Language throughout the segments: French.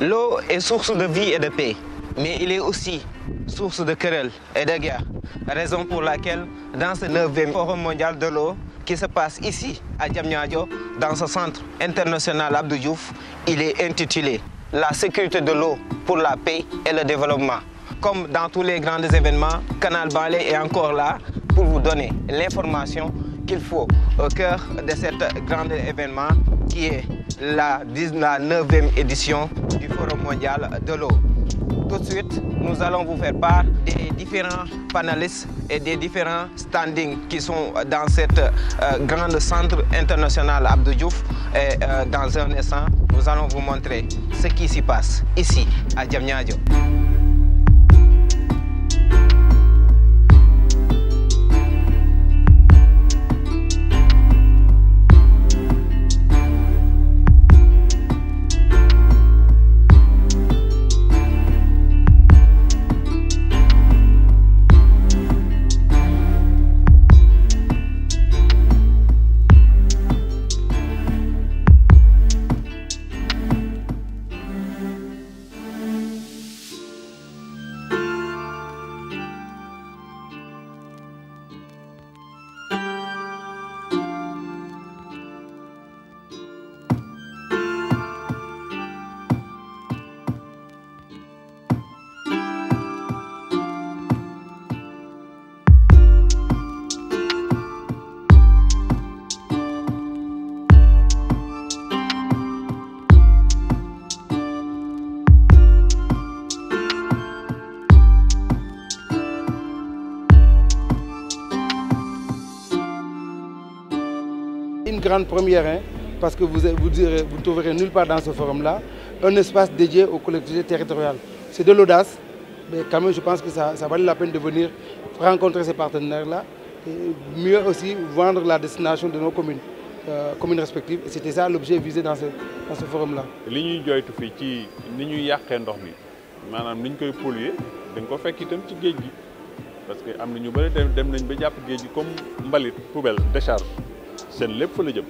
L'eau est source de vie et de paix, mais il est aussi source de querelles et de guerres, raison pour laquelle dans ce 9e Forum mondial de l'eau qui se passe ici à Djamnyadjo, dans ce centre international Abdou Diouf, il est intitulé La sécurité de l'eau pour la paix et le développement. Comme dans tous les grands événements, Canal Ballet est encore là pour vous donner l'information qu'il faut au cœur de cet grand événement qui est la 19e édition du Forum mondial de l'eau. Tout de suite, nous allons vous faire part des différents panélistes et des différents standings qui sont dans ce euh, grand centre international Abdou Et euh, dans un instant, nous allons vous montrer ce qui s'y passe ici à Djamnyadjo. une grande première, hein, parce que vous, vous, vous trouverez nulle part dans ce forum-là un espace dédié aux collectivités territoriales. C'est de l'audace, mais quand même, je pense que ça, ça valait la peine de venir rencontrer ces partenaires-là et mieux aussi vendre la destination de nos communes. Euh, communes respectives c'était ça l'objet visé dans ce ce forum là. Ce parce comme poubelle décharge. seen lépp fa la jëm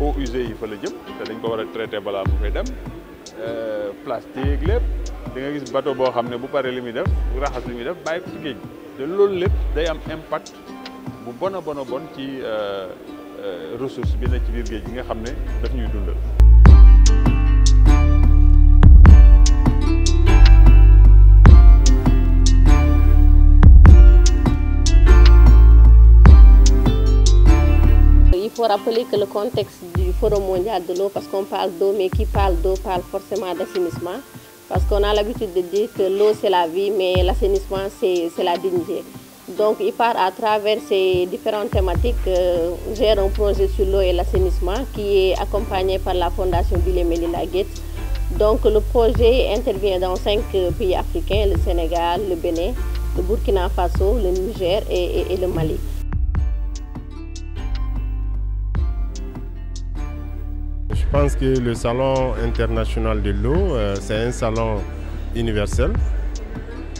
eaux usées yi fa la jëm te dañ ko war a traité balaa mu fay dem euh, plastique lépp da nga gis bateau boo xam ne bu paree li muy def bu raxas li muy def bàyyi ko ci géej te loolu lépp day am impact bu bon a bon a bon ci euh, euh, ressource bi na ci biir géej gi nga xam ne daf ñuy dundal rappeler que le contexte du Forum mondial de l'eau, parce qu'on parle d'eau, mais qui parle d'eau parle forcément d'assainissement, parce qu'on a l'habitude de dire que l'eau c'est la vie, mais l'assainissement c'est la dignité. Donc il part à travers ces différentes thématiques, gère euh, un projet sur l'eau et l'assainissement qui est accompagné par la Fondation Bill et Melinda Donc le projet intervient dans cinq euh, pays africains, le Sénégal, le Bénin, le Burkina Faso, le Niger et le Mali. Je pense que le Salon international de l'eau, euh, c'est un salon universel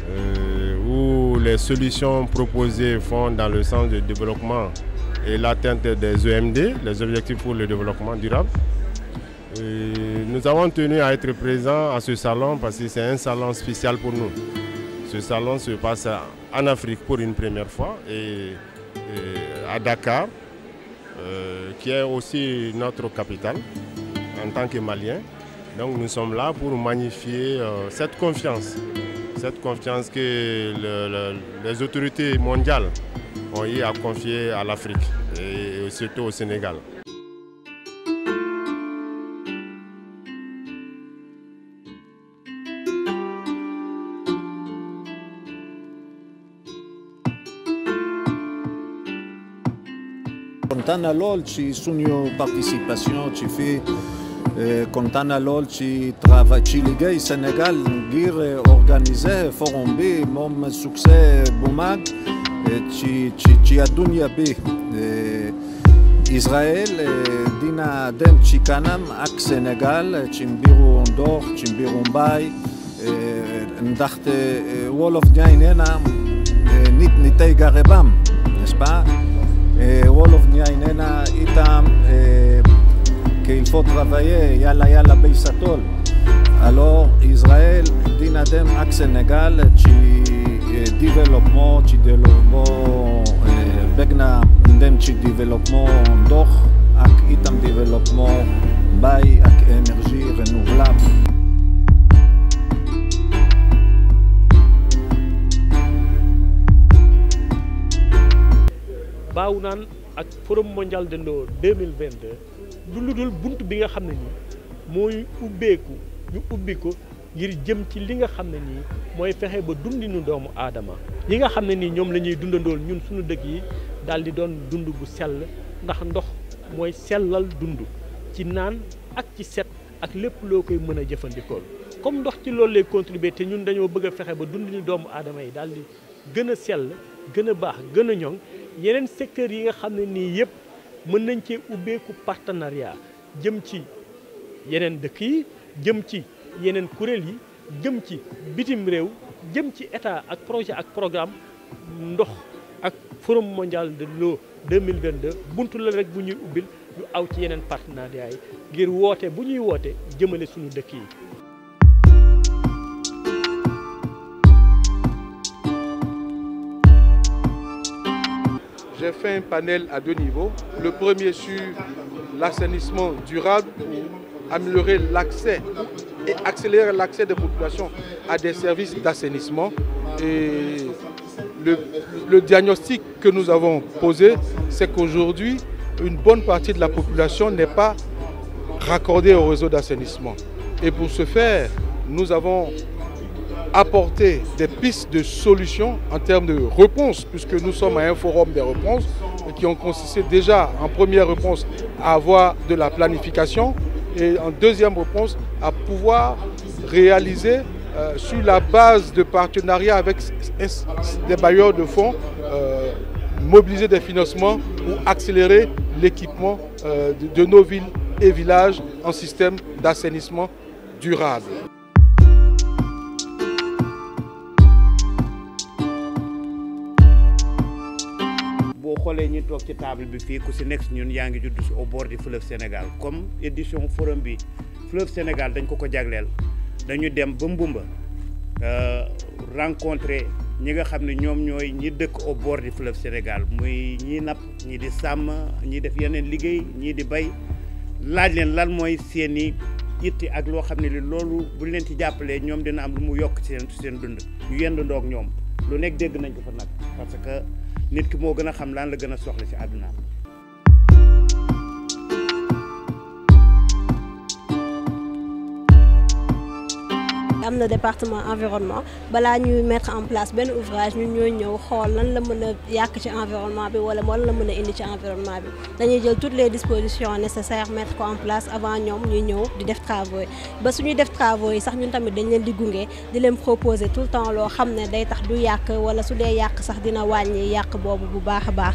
euh, où les solutions proposées font dans le sens du développement et l'atteinte des EMD, les objectifs pour le développement durable. Euh, nous avons tenu à être présents à ce salon parce que c'est un salon spécial pour nous. Ce salon se passe en Afrique pour une première fois et, à Dakar, qui est aussi notre capitale en tant que Maliens. Donc nous sommes là pour magnifier euh, cette confiance, cette confiance que les autorités mondiales ont eu à confier à l'Afrique et surtout au Sénégal. à l'ol, ci participation Contana euh, Loll, qui travaille chez gay Senegal, gire euh, organise forum bi m'a mis sous et brouettes, qui qui qui a Israël, euh, dîn a dem, qui kanam, à Senegal, qui viennent on dort, qui viennent on bail. On a Wall of Niai Nena, n'était garé bam, n'est-ce pas? Wall of Niai Nena, כהלפות רוויה, יאללה יאללה בייסטול. הלא ישראל דינאדם אקסנגל, צ'י אה, דיבלופמו, צ'י דלופמו, אה, בגנה דם צ'י דיבלופמו, דוח אק איתם דיבלופמו, ביי אק אנרג'י רנובלם. Baunan ak Forum mondial de l'eau 2022 du lu dul bunt bi nga xam ne nii mooy ubbeeku ñu ubbi ko ngir jëm ci li nga xam ne nii mooy fexe ba dundinu doomu aadama li nga xam ne nii ñoom la ñuy dundandool ñun suñu dëkk yi daal di doon dund bu sell ndax ndox mooy sellal dund ci naan ak ci set ak lépp loo koy mën a jëfandikool comme ndox ci loolu lay contribuer te ñun dañoo bëgg a fexe ba dunduñu doomu aadama yi daal di gën a sell gën a baax gën a ñoŋ yeneen secteurs yi nga xam ne nii yëpp mën nañ cee ubbeeku partenariat jëm ci yeneen dëkk yi jëm ci yeneen kuréel yi jëm ci bitim réew jëm ci état ak projet ak programme ndox ak forum mondial de l'eau 2022 buntu la rek bu ñuy ubbil ñu aw ci yeneen partenariat yi ngir woote bu ñuy woote jëmale suñu dëkk yi fait un panel à deux niveaux. Le premier sur l'assainissement durable améliorer l'accès et accélérer l'accès des populations à des services d'assainissement. Et le, le, diagnostic que nous avons posé, c'est qu'aujourd'hui, une bonne partie de la population n'est pas raccordée au réseau d'assainissement. Et pour ce faire, nous avons apporter des pistes de solutions en termes de réponses, puisque nous sommes à un forum des réponses qui ont consisté déjà en première réponse à avoir de la planification et en deuxième réponse à pouvoir réaliser euh, sur la base de partenariats avec des bailleurs de fonds, euh, mobiliser des financements ou accélérer l'équipement euh, de nos villes et villages en système d'assainissement durable. xoolee ñu toog ci table bi fii ku si nekk ñun yaa ngi judd si au bord du fleuve Sénégal comme édition forum bi fleuve Sénégal dañ ko ko jagleel dañu dem ba Mbumba euh, rencontrer ñi nga xam ne ñoom ñooy ñi dëkk au di du fleuve Sénégal muy ñii napp ñii di sàmm ñii def yeneen liggéey ñii di bay laaj leen lan mooy seeni itti ak loo xam ne li loolu buñ leen ci jàppalee ñoom dina am lu mu yokk seen seen dund ñu yendandoo ak ñoom lu nekk dégg nañ ko nag parce nit ki moo gën a xam lan la gën a soxla ci àddunaam am département environnement balaa ñuy mettre en place ben ouvrage ñun ñooy ñëw xool lan la mëna yak ci environnement bi wala lan la mën indi ci environnement bi dañuy jël toutes les dispositions nécessaires mettre ko en place avant ñom ñuy ñëw di def travaux ba suñu def travaux yi sax ñun tamit dañ leen di gunge di leen proposer tout le temps lo xamné day tax du yak wala su dee yak sax dina wàññi yak bobu bu baax baax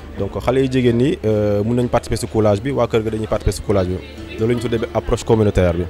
donc xale yi jigéen ñi euh, mun nañ participer si coulage bi waa kër ga dañuy participer si coulage bi loolu la ñu tuddee approche communautaire bi